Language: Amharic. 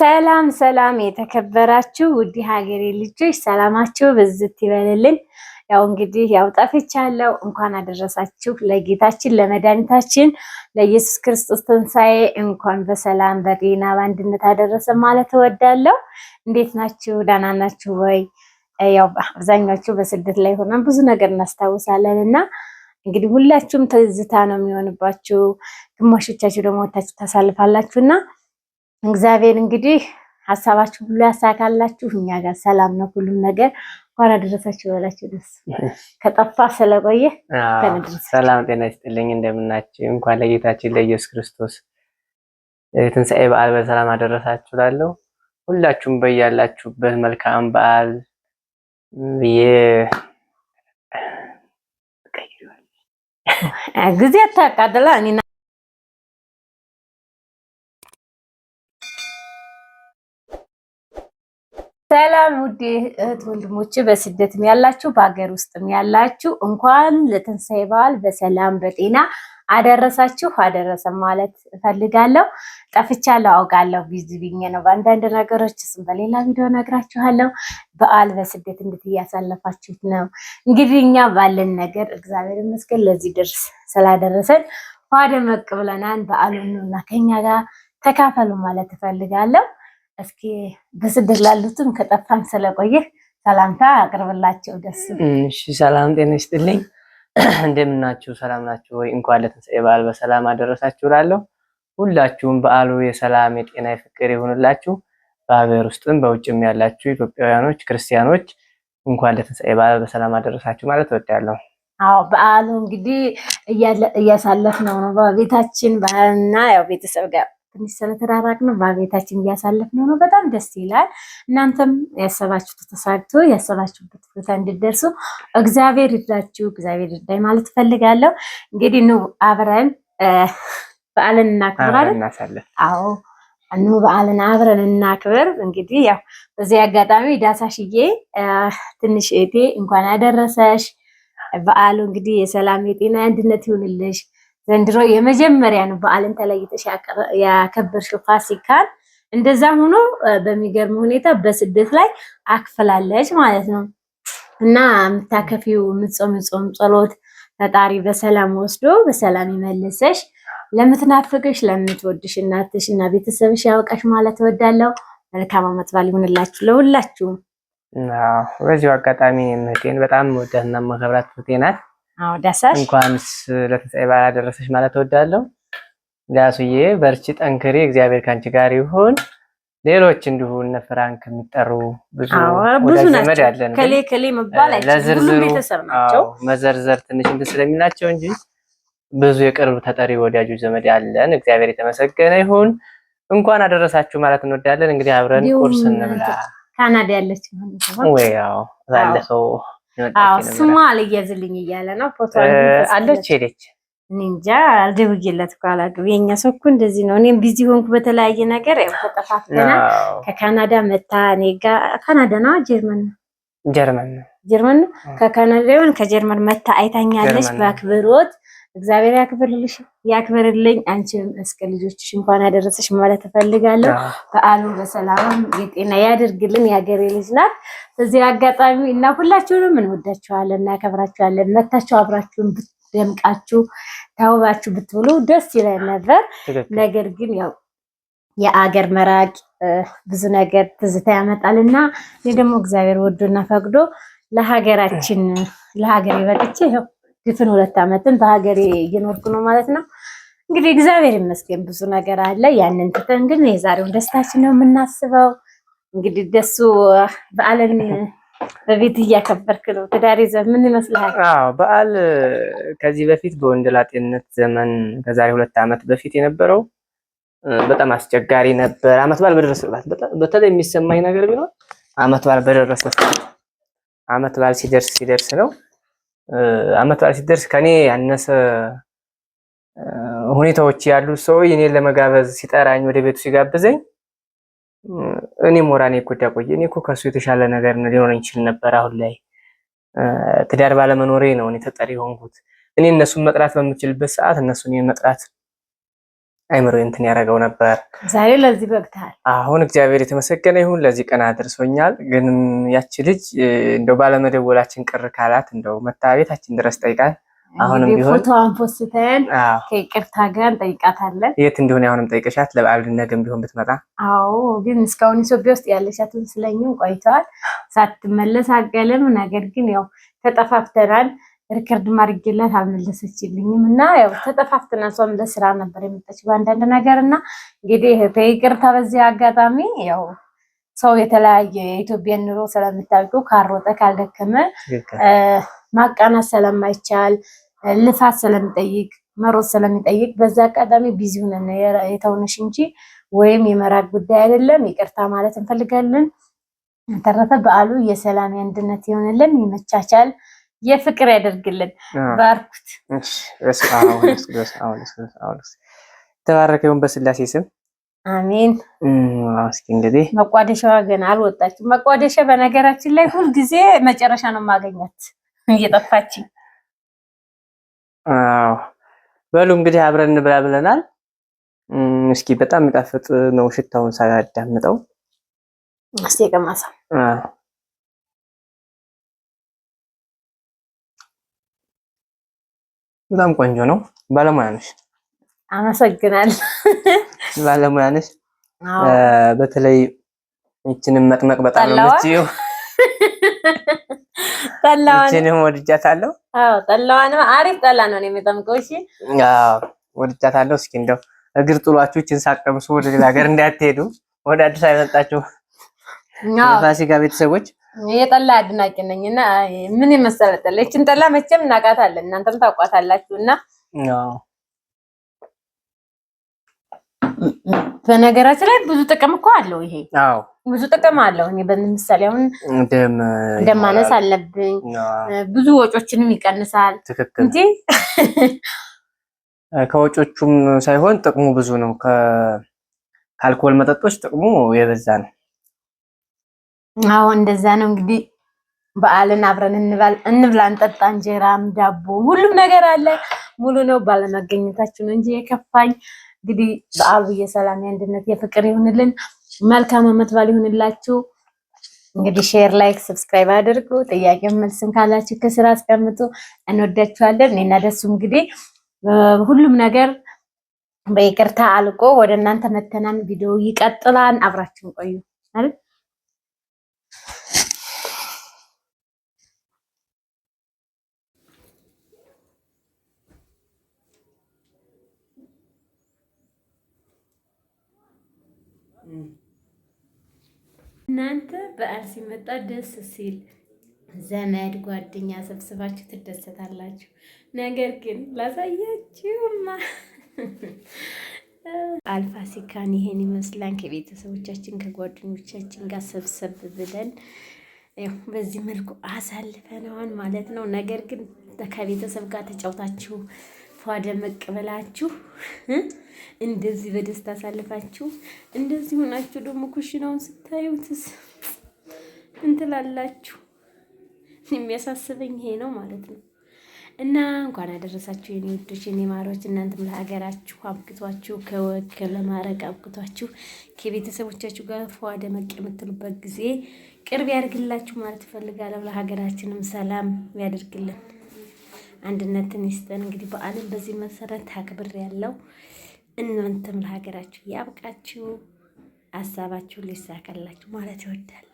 ሰላም ሰላም የተከበራችሁ ውድ ሀገሬ ልጆች ሰላማችሁ ብዝት ይበልልን። ያው እንግዲህ ያው ጠፍቻለሁ። እንኳን አደረሳችሁ ለጌታችን ለመድኃኒታችን ለኢየሱስ ክርስቶስ ትንሣኤ እንኳን በሰላም በጤና በአንድነት አደረሰ ማለት እወዳለሁ። እንዴት ናችሁ? ደህና ናችሁ ወይ? ያው አብዛኛችሁ በስደት ላይ ሆነን ብዙ ነገር እናስታውሳለን እና እንግዲህ ሁላችሁም ትዝታ ነው የሚሆንባችሁ፣ ግማሾቻችሁ ደግሞ ወታችሁ ታሳልፋላችሁ እና እግዚአብሔር እንግዲህ ሀሳባችሁ ሁሉ ያሳካላችሁ። እኛ ጋር ሰላም ነው ሁሉም ነገር። እንኳን አደረሳችሁ በላችሁ። ደስ ከጠፋ ስለቆየ ሰላም ጤና ይስጥልኝ። እንደምናችሁ እንኳን ለጌታችን ለኢየሱስ ክርስቶስ ትንሣኤ በዓል በሰላም አደረሳችሁ እላለሁ። ሁላችሁም በያላችሁበት መልካም በዓል ጊዜ ታቃጥላ እኔ ሰላም ውድ እህት ወንድሞቼ በስደትም ያላችሁ በሀገር ውስጥም ያላችሁ እንኳን ለትንሳኤ በዓል በሰላም በጤና አደረሳችሁ አደረሰ ማለት እፈልጋለሁ። ጠፍቻለሁ አውቃለሁ፣ ቢዚ ብዬ ነው በአንዳንድ ነገሮች። እሱም በሌላ ቪዲዮ ነግራችኋለሁ። በዓል በስደት እንዴት እያሳለፋችሁት ነው? እንግዲህ እኛ ባለን ነገር እግዚአብሔር ይመስገን ለዚህ ድርስ ስላደረሰን ደመቅ ብለናል። በዓሉን ና ከኛ ጋር ተካፈሉ ማለት እፈልጋለሁ። እስኪ በስደት ላሉትም ከጠፋን ስለቆየህ ሰላምታ አቅርብላቸው። ደስ እሺ። ሰላም ጤና ይስጥልኝ። እንደምናችሁ ሰላም ናችሁ ወይ? እንኳን ለትንሣኤ በዓል በሰላም አደረሳችሁ እላለሁ። ሁላችሁም በዓሉ የሰላም የጤና የፍቅር ይሁንላችሁ። በሀገር ውስጥም በውጭም ያላችሁ ኢትዮጵያውያኖች፣ ክርስቲያኖች እንኳን ለትንሣኤ በዓል በሰላም አደረሳችሁ ማለት እወዳለሁ። አዎ በዓሉ እንግዲህ እያሳለፍነው ነው በቤታችን ባህልና ያው ቤተሰብ ጋር ትንሽ ስለተራራቅን ባቤታችን እያሳለፍን ነው። በጣም ደስ ይላል። እናንተም ያሰባችሁት ተሳግቶ ያሰባችሁበት ቦታ እንድደርሱ እግዚአብሔር ይርዳችሁ፣ እግዚአብሔር ይርዳኝ ማለት እፈልጋለሁ። እንግዲህ ኑ አብረን በዓልን እናክብራለን። አዎ ኑ በዓልን አብረን እናክብር። እንግዲህ ያው በዚህ አጋጣሚ ዳሳሽዬ ትንሽ እቴ እንኳን ያደረሰሽ በዓሉ እንግዲህ የሰላም የጤና የአንድነት ይሁንልሽ። ዘንድሮ የመጀመሪያ ነው በዓልን ተለይተሽ ያከበርሽው ፋሲካን። እንደዛ ሆኖ በሚገርም ሁኔታ በስደት ላይ አክፍላለች ማለት ነው እና የምታከፊው ምጾም ጾም ጸሎት ፈጣሪ በሰላም ወስዶ በሰላም ይመልሰሽ። ለምትናፍቅሽ ለምትወድሽ እናትሽ እና ቤተሰብሽ ያውቃሽ ማለት እወዳለሁ። መልካም ዓመት በዓል ይሁንላችሁ ለሁላችሁም። በዚሁ አጋጣሚ እህቴን በጣም ወዳትና መከብራት እህቴ ናት። አዎ ደሰሽ እንኳንስ ለትንሣኤ በዓል አደረሰሽ ማለት እወዳለሁ። ዳሱዬ በርቺ፣ ጠንክሪ፣ እግዚአብሔር ከአንቺ ጋር ይሁን። ሌሎች እንዲሁ እነ ፍራንክ የሚጠሩ ብዙ ናቸው። ከሌ ከሌ መባል ሁሉም ቤተሰብ ናቸው። መዘርዘር ትንሽ እንትን ስለሚላቸው እንጂ ብዙ የቅርብ ተጠሪ ወዳጆች ዘመድ ያለን እግዚአብሔር የተመሰገነ ይሁን። እንኳን አደረሳችሁ ማለት እንወዳለን። እንግዲህ አብረን ቁርስ እንብላ። ካናዳ ያለች ወይ ያው ባለፈው ስሟ አልያዝልኝ እያለ ነው። ፎቶ አለች ሄደች እንጃ አልደውዬለት እኮ አላውቅም። የእኛ ሰው እኮ እንደዚህ ነው። እኔም ቢዚ ሆንኩ በተለያየ ነገር ተጠፋፍተና ከካናዳ መታ እኔ ጋ ካናዳ ነው ጀርመን ነው ጀርመን ነው ጀርመን ነው ከካናዳ ሆን ከጀርመን መታ አይታኛለች በአክብሮት እግዚአብሔር ያክብርልሽ ያክብርልኝ። አንቺንም እስከ ልጆችሽ እንኳን ያደረሰሽ ማለት እፈልጋለሁ። በዓሉ በሰላም የጤና ያድርግልን። የሀገሬ ልጅ ናት። በዚህ አጋጣሚ እና ሁላችሁንም እንወዳችኋለን፣ እናከብራችኋለን። መታችሁ አብራችሁን ደምቃችሁ ተውባችሁ ብትብሉ ደስ ይለን ነበር። ነገር ግን ያው የአገር መራቅ ብዙ ነገር ትዝታ ያመጣልና እኔ ደግሞ እግዚአብሔር ወዶና ፈቅዶ ለሀገራችን ለሀገር ይበቅቼ ይኸው ድፍን ሁለት ዓመትን በሀገሬ እየኖርኩ ነው ማለት ነው። እንግዲህ እግዚአብሔር ይመስገን ብዙ ነገር አለ። ያንን ትተን ግን የዛሬውን ደስታችን ነው የምናስበው። እንግዲህ ደሱ በዓልን በቤት እያከበርክ ነው። ትዳር ይዘህ ምን ይመስልሃል? አዎ በዓል ከዚህ በፊት በወንደላጤነት ዘመን ከዛሬ ሁለት ዓመት በፊት የነበረው በጣም አስቸጋሪ ነበር። ዓመት በዓል በደረሰበት በተለይ የሚሰማኝ ነገር ቢኖር ዓመት በዓል በደረሰበት ሰዓት ዓመት በዓል ሲደርስ ሲደርስ ነው አመት በዓል ሲደርስ ከኔ ያነሰ ሁኔታዎች ያሉት ሰው እኔን ለመጋበዝ ሲጠራኝ ወደ ቤቱ ሲጋብዘኝ እኔ ሞራኔ ይጎዳ ቆየ። እኔ እኮ ከሱ የተሻለ ነገር ሊኖረኝ ይችል ነበር። አሁን ላይ ትዳር ባለመኖሬ ነው እኔ ተጠሪ ሆንኩት። እኔ እነሱን መጥራት በምችልበት ሰዓት እነሱ እኔን መጥራት አይምሮ እንትን ያደረገው ነበር። ዛሬ ለዚህ በቅተሃል። አሁን እግዚአብሔር የተመሰገነ ይሁን ለዚህ ቀን አድርሶኛል። ግን ያቺ ልጅ እንደው ባለመደወላችን ቅር ካላት እንደው መታ ቤታችን ድረስ ጠይቃል። አሁንም ቢሆን ፎቶዋን ፖስተን ከይቅርታ ጋር እንጠይቃታለን። የት እንደሆነ አሁንም ጠይቀሻት ለበዓል ነገም ቢሆን ብትመጣ። አዎ ግን እስካሁን ኢትዮጵያ ውስጥ ያለሻትን ስለኝም ቆይተዋል ሳትመለስ አገለም። ነገር ግን ያው ተጠፋፍተናል። ሪከርድ ማድርጌላት አልመለሰችልኝም እና ያው ተጠፋፍትና እሷም ለስራ ነበር የመጣችው በአንዳንድ ነገር እና እንግዲህ ይቅርታ በዚህ አጋጣሚ ያው ሰው የተለያየ የኢትዮጵያን ኑሮ ስለምታውቁ ካልሮጠ ካልደከመ ማቃናት ስለማይቻል ልፋት ስለሚጠይቅ መሮጥ ስለሚጠይቅ በዛ አጋጣሚ ቢዚ ሆነን የተውንሽ እንጂ ወይም የመራቅ ጉዳይ አይደለም። ይቅርታ ማለት እንፈልጋለን። ተረፈ በዓሉ የሰላም የአንድነት ይሆንልን ይመቻቻል። የፍቅር ያደርግልን። ባርኩት። የተባረከ ይሁን በስላሴ ስም አሜን። እስኪ እንግዲህ መቋደሻዋ ገና አልወጣችም። መቋደሻ በነገራችን ላይ ሁልጊዜ መጨረሻ ነው ማገኛት እየጠፋችኝ። አዎ በሉ እንግዲህ አብረን እንብላ ብለናል። እስኪ በጣም የሚጣፍጥ ነው ሽታውን ሳያዳምጠው እስቲ ቀማሳ በጣም ቆንጆ ነው። ባለሙያ ነሽ። አመሰግናለሁ። ባለሙያ ነሽ። በተለይ ይችንም መጥመቅ በጣም ነው የምትይው። ይችንም ወድጃታለሁ። አዎ ጠላዋን አሪፍ ጠላ ነው የሚጠምቀው። እሺ አዎ ወድጃታለሁ። እስኪ እንደው እግር ጥሏችሁ ይችን ሳቀምሱ ወደ ሌላ ሀገር እንዳትሄዱ፣ ወደ አዲስ አበባ መጣችሁ የፋሲካ ቤተሰቦች የጠላ አድናቂ ነኝ እና ምን የመሰለ ጠላ ይችን ጠላ መቼም እናውቃታለን፣ እናንተም ታውቋታላችሁ። እና በነገራችን ላይ ብዙ ጥቅም እኮ አለው ይሄ ብዙ ጥቅም አለው። እኔ በምሳሌ አሁን እንደማነስ አለብኝ ብዙ ወጮችንም ይቀንሳል እንጂ ከወጮቹም ሳይሆን ጥቅሙ ብዙ ነው። ከአልኮል መጠጦች ጥቅሙ የበዛ ነው። አዎ እንደዛ ነው እንግዲህ በዓልን አብረን እንብላ እንጠጣ። እንጀራም ዳቦ ሁሉም ነገር አለ ሙሉ ነው። ባለመገኘታችሁ ነው እንጂ የከፋኝ። እንግዲህ በዓሉ የሰላም የአንድነት የፍቅር ይሁንልን። መልካም ዓመት በዓል ይሁንላችሁ። እንግዲህ ሼር፣ ላይክ፣ ሰብስክራይብ አድርጉ። ጥያቄ መልስም ካላችሁ ከስራ አስቀምጡ። እንወዳችኋለን። እኔና ደሱ እንግዲህ ሁሉም ነገር በይቅርታ አልቆ ወደ እናንተ መተናን ቪዲዮ ይቀጥላል። አብራችሁን ቆዩ አይደል? እናንተ በዓል ሲመጣ ደስ ሲል ዘመድ ጓደኛ ሰብስባችሁ ትደሰታላችሁ። ነገር ግን ላሳያችሁማ አልፋ ሲካን ይሄን ይመስላል። ከቤተሰቦቻችን ከጓደኞቻችን ጋር ሰብሰብ ብለን በዚህ መልኩ አሳልፈነዋን ማለት ነው። ነገር ግን ከቤተሰብ ጋር ተጫውታችሁ ፏ ደመቅ ብላችሁ እንደዚህ በደስታ አሳልፋችሁ እንደዚህ ሆናችሁ ደግሞ ኩሽናውን ስታዩትስ እንትላላችሁ። የሚያሳስበኝ ይሄ ነው ማለት ነው። እና እንኳን አደረሳችሁ የኔ ውዶች፣ የኔ ማሮች። እናንተም ለሀገራችሁ አብቅቷችሁ ከወግ ለማረቅ አብቅቷችሁ ከቤተሰቦቻችሁ ጋር ፏ ደመቅ የምትሉበት ጊዜ ቅርብ ያድርግላችሁ ማለት እፈልጋለሁ። ለሀገራችንም ሰላም ያደርግልን። አንድነትን ይስጠን። እንግዲህ በዓልን በዚህ መሰረት አክብር ያለው እናንተም ለሀገራችሁ ያብቃችሁ፣ ሀሳባችሁ ሊሳካላችሁ ማለት ይወዳል።